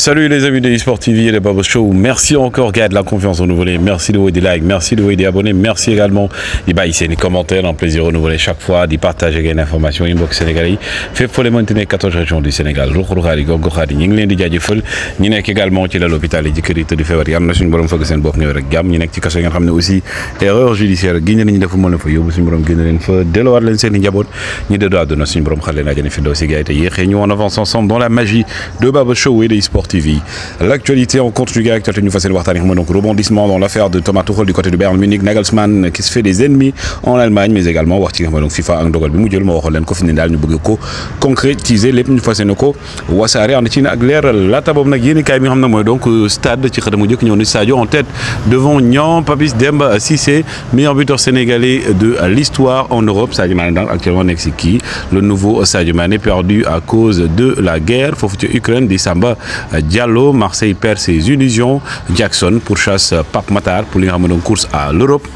Salut les amis de eSport TV et de Babo Show. Merci encore, gars, de la confiance renouvelée. Merci de vous des likes, merci de vous des abonnés, merci également. Et bah, ici, les commentaires, un plaisir renouvelé chaque fois, d'y partager une information, inbox sénégalais. Fait pour les maintenir 14 régions du Sénégal. Rokhoukhari, Gogokhari, Ninglin, Djadjifol, Ninek également, qui est à l'hôpital et du tout de février. Amna, une bonne fois que c'est une bonne gamme. Ninek, tu casses, ramené aussi. Erreur judiciaire, Guinée, Ninja, Fumon, Foyo, Simbrom, Guinée, Feu, Delaware, Lensen, Ninjabot, ni de droit de nos Simbrom, Khalena, Genifendo, Sigaïta, Yé, nous on avance ensemble dans la magie de Babo Show et des eSport TV. L'actualité en conjugue avec Tatouine Fassel donc rebondissement dans l'affaire de Thomas Tuchel du côté de Bayern Munich, Nagelsmann qui se fait des ennemis en Allemagne, mais également donc FIFA ak dogal bi mu jël moo waxoon len ko fi dal ñu bëgg ko concrétiser lépp ñu fas yéene ko wasaare ànd ci ak leeral la boobu nak yéen kay bi xamna moy donc euh, stade ci xëtamu jëk ñëw ni Sadio en tête devant Nian Papis Demba Cissé meilleur buteur sénégalais de l'histoire en Europe Sadio Mané daal actuellement nekk le nouveau Sadio Mané perdu à cause de la guerre fofu ci Ukraine di Samba Diallo Marseille perd ses illusions Jackson pourchasse Pape Matar pour lui ramener en course à l'Europe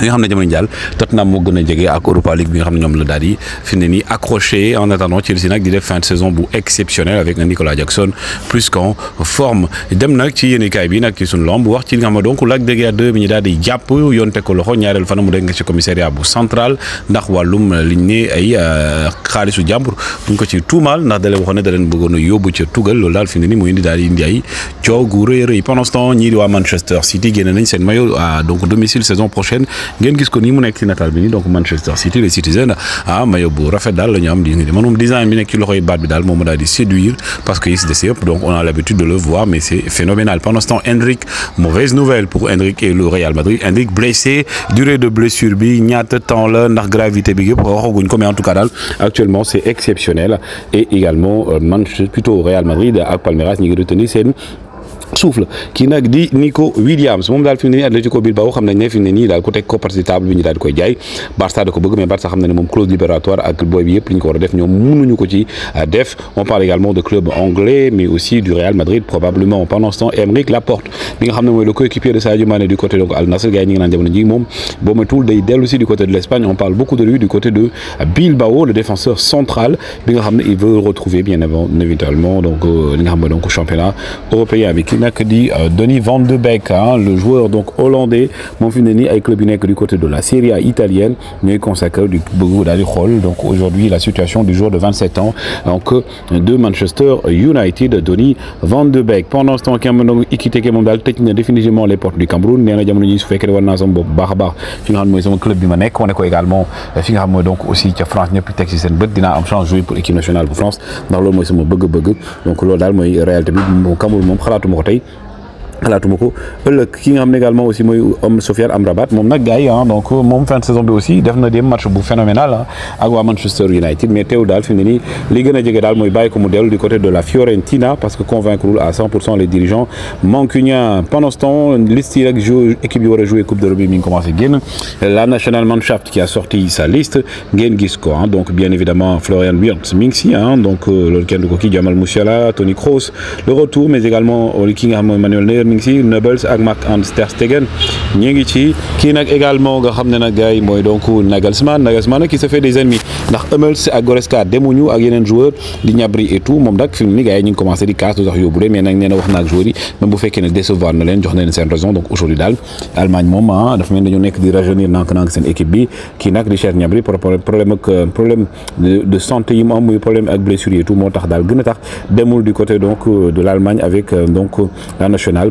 li nga xam ne jamono jàll Tottenham moo gën a ak Europa League bi nga xam ne la daal yi fini ni accroché en attendant Chelsea nag di def fin de saison bu exceptionnel avec un Nicolas Jackson plus qu'en forme dem nag ci yéenekaay bi nak ci sun lamb wax ci nga ma donc lak de Guiers 2 bi ñi daal di japp yoon ko loxo ñaareel fan mu dégg nga ci commissariat bu central ndax walum liñ ne ay euh, xaalisu jambour buñ ko ci tuumaal ndax da leen waxoon ne da leen bëggoon a yóbbu tugal loolu daal fini ni nii mu indi daal di indi ay coow gu rëy rëy pendant ce temps ñii di wa Manchester City génne nañ seen maillot donc domicile saison prochaine ngeen gis ko nii mu nekk ci natal bi donc Manchester City les Citizens ah maillot bu rafet daal la ñu am di design bi ci loxoy bi séduire parce que il se décède donc on a l'habitude de le voir mais c'est phénoménal pendant ce temps Hendrik mauvaise nouvelle pour Hendrik et le Real Madrid Hendrik blessé durée de blessure bi ñaata temps la ndax gravité bi yëpp waxaguñ ko mais en tout cas actuellement c'est exceptionnel et également plutôt euh, plutôt Real Madrid à Palmeiras ñu ngi retenir seen Souffle. qui nak di Nico Williams mom dal fi mu ne Bilbao xam nañ ne fi mu ne nii daal ku teg ko partie table bi ni dal ko jay Barça da ko bëgg mais Barça xam na ne moom clause libératoire ak boy bi yépp liñ ko wara def ñom mënuñu ko ci euh, def on parle également de club anglais mais aussi du Real Madrid probablement pendant ce temps Aymeric Laporte bi nga xam moy le coéquipier de Sadio Mané du côté donc Al Nassr gars yi nga nane naan jamono ji moom boo day dellu si du côté de l'Espagne on parle beaucoup de lui du côté de euh, Bilbao le défenseur central bi nga xam il veut retrouver bien avant évidemment donc euh, li donc championnat européen avec mercredi, euh, Denis Van de Beek, hein, le joueur donc hollandais, fils avec le Binec du côté de la Serie A italienne, mais consacré du rôle. Donc aujourd'hui, la situation du joueur de 27 ans donc, de Manchester United, Denis Van de Beek. Pendant ce temps, Cameroun équité mondial technique définitivement les portes du Cameroun. Néana Diamouni, su fekkee war naa sama bopp baax a ont fi nga xam sama club bi ma on est ko également euh, fi nga donc aussi que France n'est plus si seen une bonne am chance jouer pour l'équipe nationale pour France le loolu mooy sama bëgg donc loolu daal mooy réalité bi Cameroun moom xalaatuma right Alors tout le ki nga King également aussi mooy homme Sofiane Amrabat moom nag gars ah, donc mon fin de saison bi aussi def na des match phénoménal à ah, Manchester United mais teew dal fini li gën a du côté de la Fiorentina parce que convaincre à 100% les dirigeants mancuniens pendant ce temps liste qui joue équipe joué coupe de l'Europe, mi la National Manshaft qui a sorti sa liste Gengisko ah, donc bien évidemment Florian Wirtz Mingsi donc euh, le Ken du ko Jamal Musiala Tony Kroos le retour mais également Oli euh, King Emmanuel Né mi ngi si ak Mark ter Stegen ñi ngi ci ki nak également nga xamné ne gaay moy donc Nagelsmann Nagelsmann qui se fait des ennemis ndax Hummels ak Goretzka demuñu ak yenen joueur di Ñabri et tout mom nag fi ni gaay yi ñu commencé di casse lu tax yóbbu mais nak néna wax nak joueur yi même bu fekké né décevoir na leen jox na leen raison donc aujourd'hui dal Allemagne moom ah dafa mel ñu nekk di rajeunir nank-nank sen équipe bi kii nag Richard Ñabri problème ak euh, problème de santé yi mu muy problème ak blessure et tout motax dal gëna tax demul du côté donc euh, de l'Allemagne avec euh, donc la nationale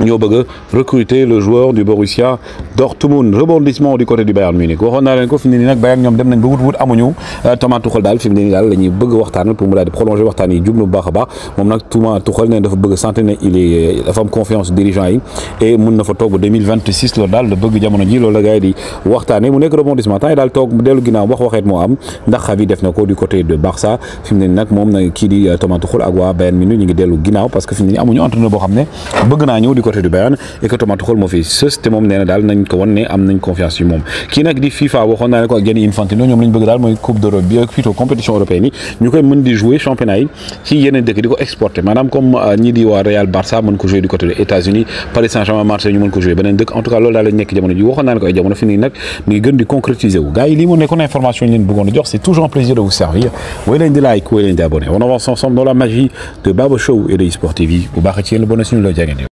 ñoo bëgg recruter le joueur du Borussia Dortmund rebondissement du côté du Bayern Munich waxoon naa leen ko fini nak ne nii Bayern ñoom dem nañ ba wut wut amuñu euh, Thomas Tuchel dal fi ni dal lañuy bëgg waxtaan pour mu daal prolonger waxtaan yi jublu bu baax mom nak moom nag Thomas Tuchel ne dafa bëgg a sentir il est euh, dafa am confiance dirigeant yi et mën na fa toog 2026 lo dal le bëgg jamono ji loolu la gars di waxtaanee mu nek rebondissement temps dal daal toog dellu ginnaaw wax waxet mo am ndax Xavi def na ko du côté de Barça fi ni nak mom nag ki di euh, Thomas Tuchel ak wa Bayern Munich ñi ngi dellu ginaaw parce que fi ni amuñu entraîneur bo xamné bëgg na ñëw côté du Bayern et que Thomas Tuchel moo fi sës te moom nee na daal ko wan ne am nañ confiance yu moom kii nag di FIFA ou naa ne ko ak Gianni nous ñoom lañ bëgg daal mooy coupe d'Europe bi ak plutôt compétition européenne Nous ñu koy di jouer championnat yi ci yeneen dëkk di ko exporter maanaam comme euh, ñi di waa Real Barça mën ko jouer du côté des États-Unis Paris Saint-Germain Marseille ñu mën ko jouer Ben en tout cas là daal lañ nekk jamono ji waxoon naa ne ko ay jamono fi nii gën di concrétiser wu gars yi lii mu nekkoon information yi leen bëggoon jox c'est toujours un plaisir de vous servir wooy leen di like wooy leen di abonné on avance ensemble dans la magie de Babo Show et de eSport TV bu baax ci le la bonne suñu loo